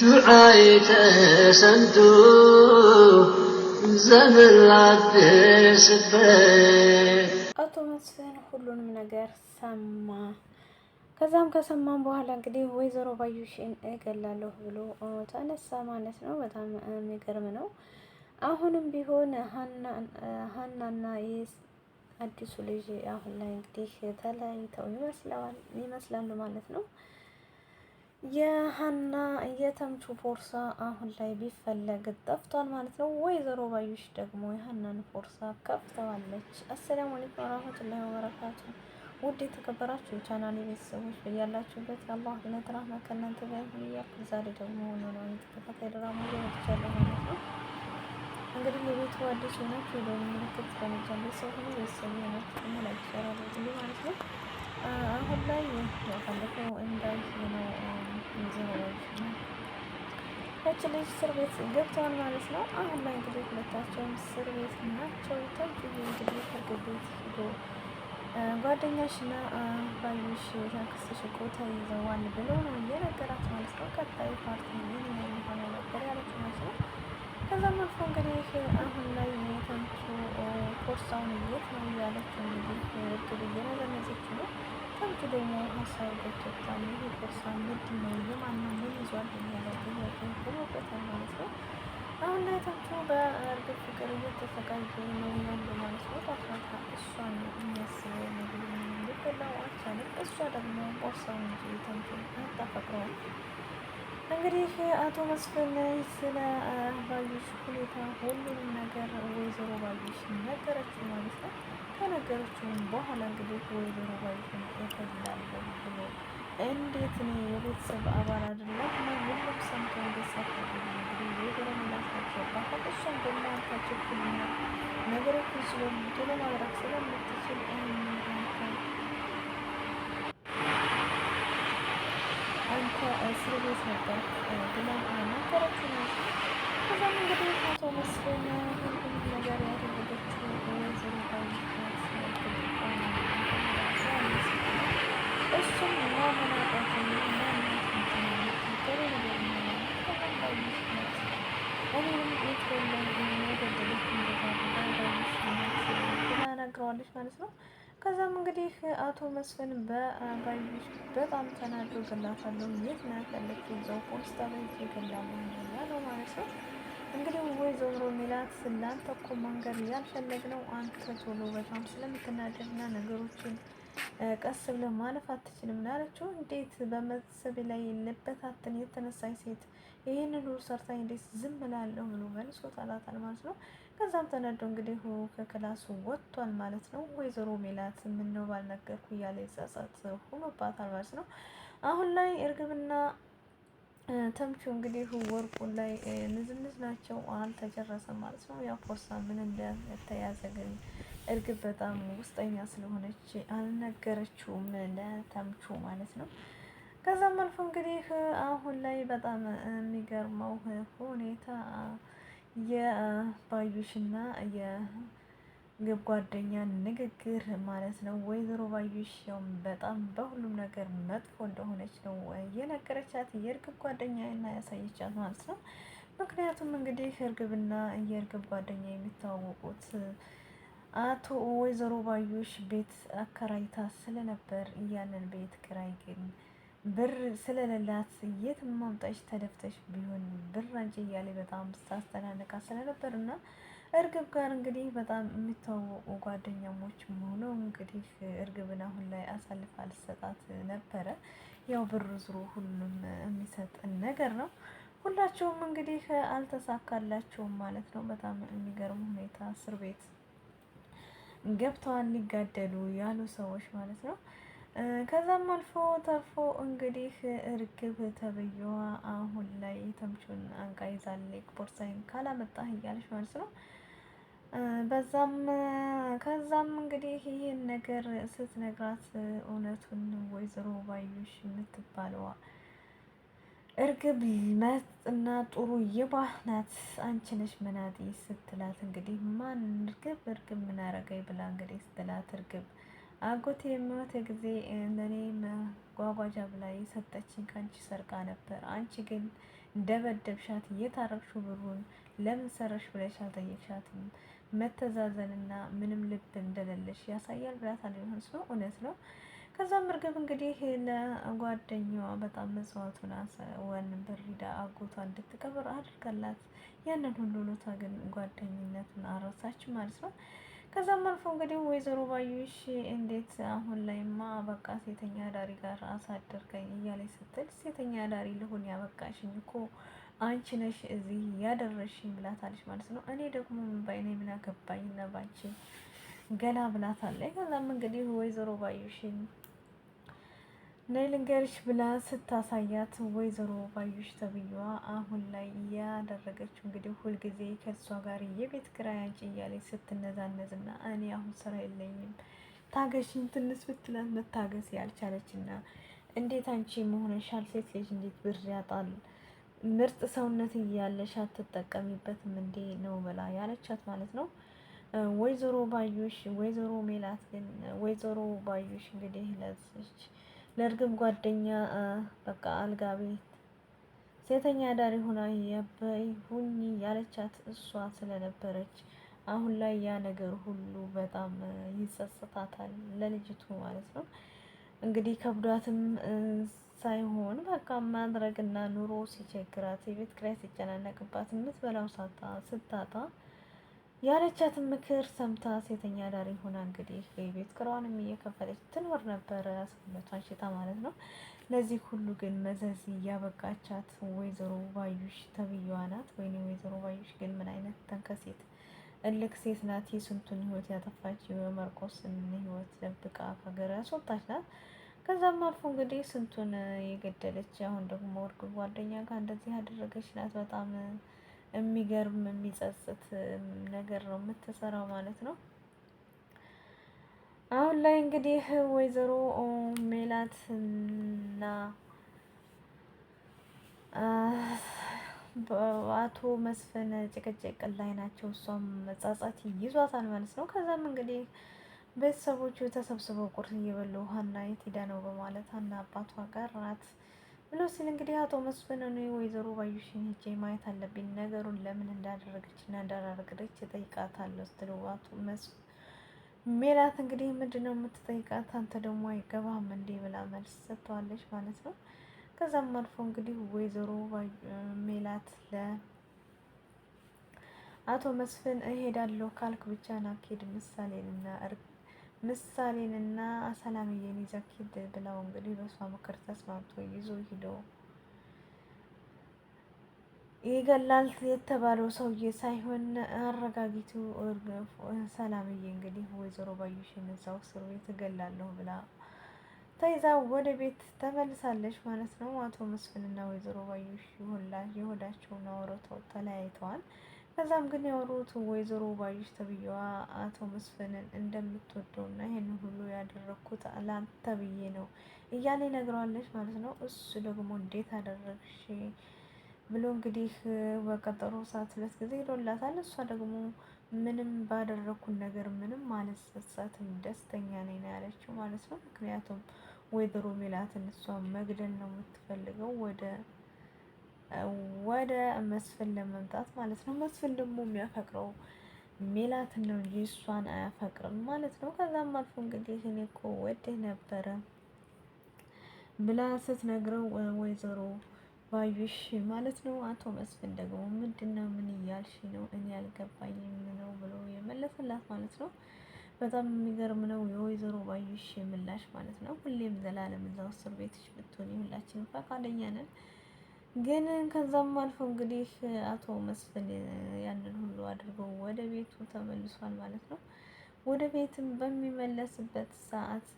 ዱዓይ ተሰምቶ አቶ መስፍን ሁሉንም ነገር ሰማ። ከዛም ከሰማን በኋላ እንግዲህ ወይዘሮ ባዩሽን እገላለሁ ብሎ ተነሳ ማለት ነው። በጣም የሚገርም ነው። አሁንም ቢሆን ሀናና አዲሱ ልጅ አሁን ላይ እንግዲህ ተለያይተው ይመስላሉ ማለት ነው። የሀና የተምቹ ፖርሳ አሁን ላይ ቢፈለግ ጠፍቷል ማለት ነው። ወይዘሮ ባዩሽ ደግሞ የሀናን ፖርሳ ከፍተዋለች። አሰላሙ አለይኩም ወራህመቱላሂ ወበረካቱ። ውድ የተከበራችሁ የቻናል ቤተሰቦች በያላችሁበት የአላህ እዝነት ራህመት ከእናንተ ጋር ይሁን እያልኩ ዛሬ ደግሞ ኖላዊ ተከታታይ ድራማ ይወቻለሁ ማለት ነው። እንግዲህ የቤቱ አዲስ ሆናችሁ የደወል ምልክት በመጫን ቤተሰብ ሆኖ ቤተሰብ የሆናችሁ ላይክ ሸር አድርጉልኝ ማለት ነው። አሁን ላይ ባለፈው እንዳይ ነው እች ልጅ እስር ቤት ገብተዋል ማለት ነው። አሁን ላይ እንግዲህ ሁለታቸውም እስር ቤት ናቸው። ተጅቡ እንግዲህ ፍርድ ቤት ሂዶ ጓደኛሽና ባዩሽ ያክስሽ እኮ ተይዘዋል ብሎ ነው እየነገራት ማለት ነው። ቀጣይ ፓርቲ ምን የሆነ ነበር ያለች ማለት ነው። ከዛም አልፎ እንግዲህ አሁን ላይ የተንቹ ፖርሳውን የት ነው እያለች እንግዲህ እርግብ እየነዘነዘች ነው ከብት ደግሞ ሀሳብ ገብቶታል። ይህ ምድ ነው የማንም ምን ይዟል የሚያለው ጥያቄ ብሎበታል ማለት ነው። አሁን ላይታችሁ በእርግጥ ፍቅር እየተሰቃየ ነው ያለ ማለት ነው። ታፍራታ እሷን የሚያስበው ምግብ ልበላው አልቻለም። እሷ ደግሞ ቦርሳውን እንጂ ተንትን አታፈቅረውም። እንግዲህ አቶ መስፍን ስለ ባዩሽ ሁኔታ ሁሉንም ነገር ወይዘሮ ባዩሽ ነገረችው ማለት ነው። ከነገረችውም በኋላ እንግዲህ ወይዘሮ ባዩሽን እፈልጋለሁ ብሎ እንዴት ነው የቤተሰብ አባል አይደለም እና ሁሉም ሰምቶ እንደሳት እንግዲህ ወይዘሮ ምላሳቸው ባፈቀሻን በሚያልካቸው ክልና ነገሮችን ስለምትሎ ማድረግ ስለምትችል እኔ አንተ እስር ቤት ነበር ብላ ነገረችኝ። ከዛም እንግዲህ አቶ መስፍን ሁሉም ነገር ያደረገችው ወይዘሮ እሱም ነግረዋለች ማለት ነው። ከዛም እንግዲህ አቶ መስፍን በባዩሽ በጣም ተናዶ ገላታለሁ፣ የት ናት ያለችው? እዛው ፖስታ ገላ ገላሙኝ ነው ማለት ነው። እንግዲህ ወይዘሮ ሚላት ስላንተ እኮ መንገድ ያልፈለግነው አንተ ቶሎ በጣም ስለምትናደድና ነገሮችን ቀስ ብለህ ማለፍ አትችልም ናለችው። እንዴት በመሰብ ላይ ልበታትን የተነሳኝ ሴት ይህንን ሁሉ ሰርታኝ እንዴት ዝም እላለሁ ብሎ መልሶ ታላታል ማለት ነው። ከዛም ተነዶ እንግዲህ ከክላሱ ወጥቷል ማለት ነው። ወይዘሮ ሜላት ምነው ባልነገርኩ እያለ ይጻጻት ሆኖባታል ማለት ነው። አሁን ላይ እርግብና ተምቹ እንግዲህ ወርቁ ላይ ንዝንዝ ናቸው። አልተጨረሰም ማለት ነው። ያ ፖርሳ ምን እንደተያዘ ግን እርግብ በጣም ውስጠኛ ስለሆነች አልነገረችውም ለተምቹ ማለት ነው። ከዛም አልፎ እንግዲህ አሁን ላይ በጣም የሚገርመው ሁኔታ የባዩሽና የምግብ ጓደኛ ንግግር ማለት ነው። ወይዘሮ ባዩሽ ያው በጣም በሁሉም ነገር መጥፎ እንደሆነች ነው እየነገረቻት የእርግብ ጓደኛ እና ያሳየቻት ማለት ነው። ምክንያቱም እንግዲህ እርግብና የእርግብ ጓደኛ የሚተዋወቁት አቶ ወይዘሮ ባዩሽ ቤት አከራይታ ስለነበር ያንን ቤት ክራይ ግን ብር ስለሌላት የት ማምጣሽ ተደፍተሽ ቢሆን ብር አንቺ እያለ በጣም ስታስተናነቃ ስለነበር እና እርግብ ጋር እንግዲህ በጣም የሚታወቁ ጓደኛሞች መሆኑ እንግዲህ እርግብን አሁን ላይ አሳልፍ አልሰጣት ነበረ። ያው ብሩ ዝሮ ሁሉም የሚሰጥን ነገር ነው። ሁላቸውም እንግዲህ አልተሳካላቸውም ማለት ነው። በጣም የሚገርም ሁኔታ እስር ቤት ገብተዋል ሊጋደሉ ያሉ ሰዎች ማለት ነው። ከዛም አልፎ ተርፎ እንግዲህ እርግብ ተብዬዋ አሁን ላይ ተምቹን አንቃ ይዛለች። ቦርሳዬን ካላመጣህ እያለች ማለት ነው። በዛም ከዛም እንግዲህ ይህን ነገር ስትነግራት እውነቱን ወይዘሮ ባዩሽ የምትባለዋ እርግብ መጥና ጥሩ የባህ አንቺ ነሽ ምናጢ ስትላት እንግዲህ ማን እርግብ እርግብ ምን አረገኝ ብላ እንግዲህ ስትላት እርግብ አጎቴ የሞተ ጊዜ ለእኔ መጓጓዣ ብላ የሰጠችኝ ከአንቺ ሰርቃ ነበር። አንቺ ግን እንደበደብሻት እየታረቅሹ ብሩን ለምን ሰረሽ ብለሽ አልጠየቅሻትም። መተዛዘንና ምንም ልብ እንደሌለሽ ያሳያል ብላታል። ቢሆን ሰው እውነት ነው። ከዛም እርግብ እንግዲህ ለጓደኛዋ በጣም መጽዋቱን ወን ብሪዳ አጎቷ እንድትቀብር አድርጋላት። ያንን ሁሉ ሎታ ግን ጓደኝነቱን አረሳች ማለት ነው። ከዛም አልፎ እንግዲህ ወይዘሮ ባዩሽ እንዴት አሁን ላይማ በቃ ሴተኛ አዳሪ ጋር አሳደርከኝ እያለች ስትል ሴተኛ አዳሪ ልሆን ያበቃሽኝ እኮ አንቺ ነሽ እዚህ ያደረሽኝ ብላታለች ማለት ነው። እኔ ደግሞ ምን ባይኔ ምን አገባኝ እና ባንቺ ገላ ብላታለች። ከዛም እንግዲህ ወይዘሮ ባዩሽን ነይ ልንገርሽ ብላ ስታሳያት ወይዘሮ ባዩሽ ተብዬዋ አሁን ላይ ያደረገችው እንግዲህ ሁልጊዜ ከእሷ ጋር የቤት ኪራይ አንጪ እያለች ስትነዛነዝና እኔ አሁን ስራ የለኝም ታገሽኝ ትንሽ ብትላት መታገስ ያልቻለች ያልቻለችና እንዴት አንቺ መሆንሻል? ሴት ልጅ እንዴት ብር ያጣል? ምርጥ ሰውነት እያለሽ አትጠቀሚበትም እንዴ ነው ብላ ያለቻት ማለት ነው። ወይዘሮ ባዩሽ ወይዘሮ ሜላት ግን ወይዘሮ ባዩሽ እንግዲህ ለዚች ለእርግብ ጓደኛ በቃ አልጋ ቤት ሴተኛ አዳሪ ሆና የበይ ሁኚ ያለቻት እሷ ስለነበረች አሁን ላይ ያ ነገር ሁሉ በጣም ይጸጽታታል፣ ለልጅቱ ማለት ነው። እንግዲህ ከብዷትም ሳይሆን በቃ ማድረግና ኑሮ ሲቸግራት የቤት ክራይ ሲጨናነቅባት የምትበላው ሳታ ስታጣ ያለቻትን ምክር ሰምታ ሴተኛ አዳሪ ሆና እንግዲህ በቤት ኪራዋንም እየከፈለች ትኖር ነበረ፣ ሰውነቷን ሽታ ማለት ነው። ለዚህ ሁሉ ግን መዘዝ እያበቃቻት ወይዘሮ ባዩሽ ተብዬዋ ናት። ወይኔ ወይዘሮ ባዩሽ ግን ምን አይነት ተንከሴት እልክ ሴት ናት። የስንቱን ህይወት ያጠፋች የመርቆስን ህይወት ደብቃ ከሀገር ያስወጣች ናት። ከዛም አልፎ እንግዲህ ስንቱን የገደለች አሁን ደግሞ ወርቅ ጓደኛ ጋር እንደዚህ ያደረገች ናት። በጣም የሚገርም የሚጸጽት ነገር ነው የምትሰራው ማለት ነው። አሁን ላይ እንግዲህ ወይዘሮ ሜላት እና አቶ መስፍን ጭቅጭቅ ላይ ናቸው። እሷም መጻጻት ይዟታል ማለት ነው። ከዛም እንግዲህ ቤተሰቦቹ ተሰብስበው ቁርስ እየበሉ ሀና የት ሄዳ ነው በማለት ሀና አባቷ ጋር ናት። ብሎ ሲል እንግዲህ አቶ መስፍን ነው ወይዘሮ ባዩሽን ሄጄ ማየት አለብኝ ነገሩን ለምን እንዳደረገች እና እንዳደረገች እጠይቃታለሁ ስትለው አቶ መስፍን ሜላት እንግዲህ ምንድን ነው የምትጠይቃት አንተ ደግሞ አይገባህም እንዴ ብላ መልስ ሰጥተዋለች ማለት ነው። ከዛም አልፎ እንግዲህ ወይዘሮ ሜላት ለ አቶ መስፍን እሄዳለሁ ካልክ ብቻ ናኬድ ኬድ ምሳሌንና እርግ ምሳሌንና ሰላምዬን ይዘህ ሂድ ብለው እንግዲህ በእሷ ምክር ተስማምቶ ይዞ ሂዶ ይገላል የተባለው ሰውዬ ሳይሆን አረጋጊቱ ሰላምዬ እንግዲህ ወይዘሮ ባዩሽን እዛው ስሩ ትገላለሁ ብላ ተይዛ ወደ ቤት ተመልሳለች ማለት ነው። አቶ መስፍንና ወይዘሮ ባዩሽ የሆዳቸውን አውርተው ተለያይተዋል። ከዛም ግን ያወሩት ወይዘሮ ባዩሽ ተብዬዋ አቶ መስፍንን እንደምትወደው እንደምትወደውና ይህን ሁሉ ያደረግኩት ላንተ ብዬ ነው እያለ ነግረዋለች ማለት ነው። እሱ ደግሞ እንዴት አደረግሽ ብሎ እንግዲህ በቀጠሮ ሰዓት ሁለት ጊዜ ሄዶላታል። እሷ ደግሞ ምንም ባደረግኩን ነገር ምንም አልጸጸትም ደስተኛ ነኝ ነው ያለችው ማለት ነው። ምክንያቱም ወይዘሮ ሜላትን እሷ መግደል ነው የምትፈልገው ወደ ወደ መስፍን ለመምጣት ማለት ነው። መስፍን ደግሞ የሚያፈቅረው ሜላትን ነው እንጂ እሷን አያፈቅርም ማለት ነው። ከዛም አልፎ እንግዲህ እኔ እኮ ወድህ ነበረ ብላ ስትነግረው ወይዘሮ ባዩሽ ማለት ነው። አቶ መስፍን ደግሞ ምንድነው ነው ምን እያልሽ ነው እኔ ያልገባኝም ነው ብሎ የመለሰላት ማለት ነው። በጣም የሚገርም ነው የወይዘሮ ባዩሽ ምላሽ ማለት ነው። ሁሌም ዘላለም እዛው እስር ቤትሽ ብትሆን ሁላችንም ፈቃደኛ ነን ግን ከዛም አልፎ እንግዲህ አቶ መስፍን ያንን ሁሉ አድርገው ወደ ቤቱ ተመልሷል ማለት ነው። ወደ ቤትም በሚመለስበት ሰዓት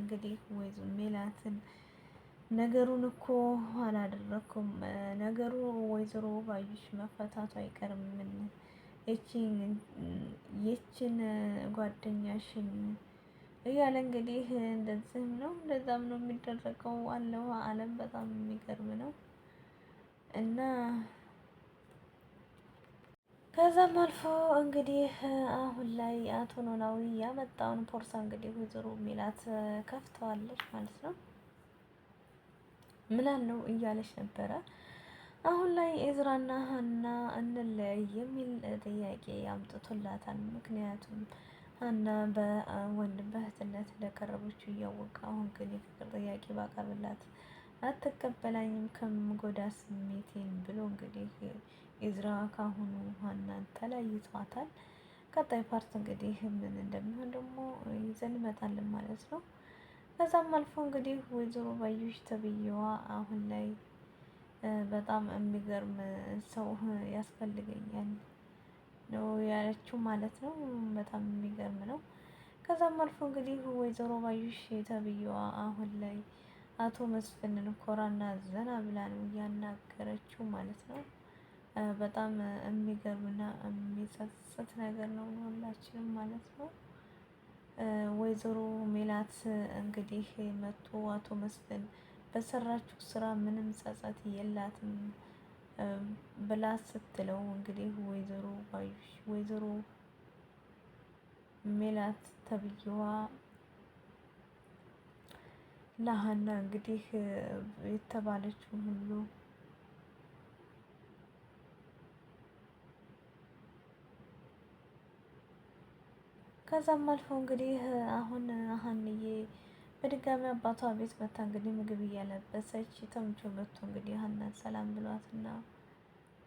እንግዲህ ወይዘ ሜላትን ነገሩን እኮ አላደረኩም፣ ነገሩ ወይዘሮ ባዩሽ መፈታቱ አይቀርም። የችን ጓደኛሽን እያለ እንግዲህ እንደዚህም ነው እንደዛም ነው የሚደረገው አለው አለም። በጣም የሚገርም ነው። እና ከዛም አልፎ እንግዲህ አሁን ላይ አቶ ኖላዊ ያመጣውን ፖርሳ እንግዲህ ወይዘሮ ሚላት ከፍተዋለች ማለት ነው። ምናለው እያለች ነበረ። አሁን ላይ እዝራና ሀና እንለያይ የሚል ጥያቄ አምጥቶላታል። ምክንያቱም ሀና በወንድም በእህትነት እንደቀረበችው እያወቀ አሁን ግን የፍቅር ጥያቄ ባቀርብላት አትቀበላኝም ከምጎዳ ስሜቴን ብሎ እንግዲህ ኢዝራ ካሁኑ ሀናን ተለይቷታል። ቀጣይ ፓርት እንግዲህ ምን እንደሚሆን ደግሞ ይዘን እንመጣለን ማለት ነው። ከዛም አልፎ እንግዲህ ወይዘሮ ባዩሽ ተብዬዋ አሁን ላይ በጣም የሚገርም ሰው ያስፈልገኛል ነው ያለችው ማለት ነው። በጣም የሚገርም ነው። ከዛም አልፎ እንግዲህ ወይዘሮ ባዩሽ ተብዬዋ አሁን ላይ አቶ መስፍንን ኮራና ዘና ብላ ነው ያናገረችው ማለት ነው። በጣም የሚገርምና የሚጸጽት ነገር ነው ሁላችንም ማለት ነው። ወይዘሮ ሜላት እንግዲህ መቶ አቶ መስፍን በሰራችው ስራ ምንም ጸጸት የላትም ብላ ስትለው እንግዲህ ወይዘሮ ባዩሽ ወይዘሮ ሜላት ተብዬዋ ለሀና እንግዲህ የተባለችውን ሁሉ ከዛም አልፎ እንግዲህ አሁን ሀንዬ በድጋሚ አባቷ ቤት መታ እንግዲህ ምግብ እያለበሰች ተምቾ መጥቶ እንግዲህ ሀናን ሰላም ብሏትና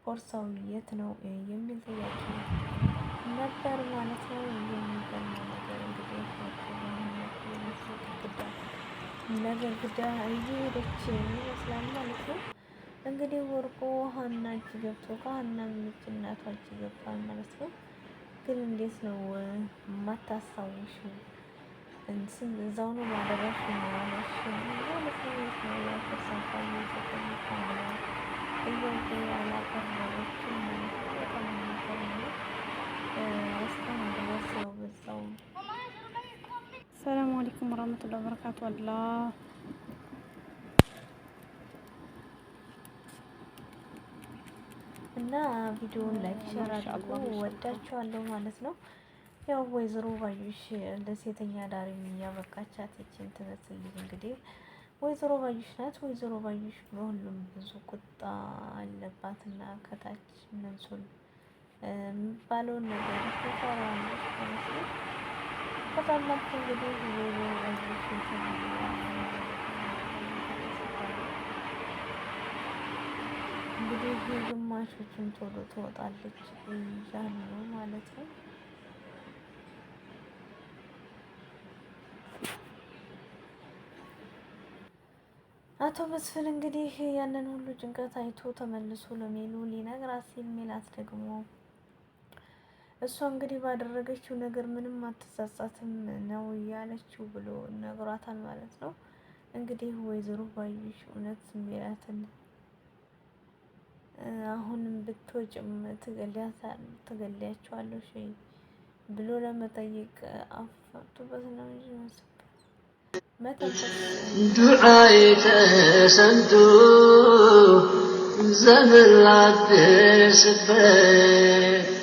ቦርሳው የት ነው የሚል ጥያቄ ነበር ማለት ነው የሚገርመው ለግድግዳ እየሄደች ይመስላል ማለት ነው። እንግዲህ ወርቆ ሀና እጅ ገብቶ ከሀናም እጅ እናቷ እጅ ገብቷል ማለት ነው። ግን እንዴት ነው የማታስታውሹ? እዛው ነው ማደረሽ ማለት ነው። አለይኩም ወራህመቱላሂ ወበረካቱ አላ እና ቪዲዮውን ላይክ ሼር አድርጉ። ወዳችኋለሁ ማለት ነው። ያው ወይዘሮ ባዩሽ ለሴተኛ ዳሪ ያበቃቻት ይችን ትመስል እንግዲህ ወይዘሮ ባዩሽ ናት። ወይዘሮ ባዩሽ በሁሉም ብዙ ቁጣ አለባት እና ከታች መንሱን የሚባለውን ነገር ተፈራን ከዛ እናት እንግዲህ እንግዲህ ግማሾችን ቶሎ ትወጣለች እያሉ ነው ማለት ነው። አቶ መስፍን እንግዲህ ያንን ሁሉ ጭንቀት አይቶ ተመልሶ ለሜሉ ሊነግራት ሲል ሜላት ደግሞ እሷ እንግዲህ ባደረገችው ነገር ምንም አትጸጸትም ነው እያለችው ብሎ ነግሯታል ማለት ነው። እንግዲህ ወይዘሮ ባዩሽ እውነት ሚላትን አሁንም ብትወጭም ትገሊያቸዋለሽ ብሎ ለመጠየቅ አፈቱበት ነው እንጂ ዱዓይ ተሰምቶ ዘመን ላደስበት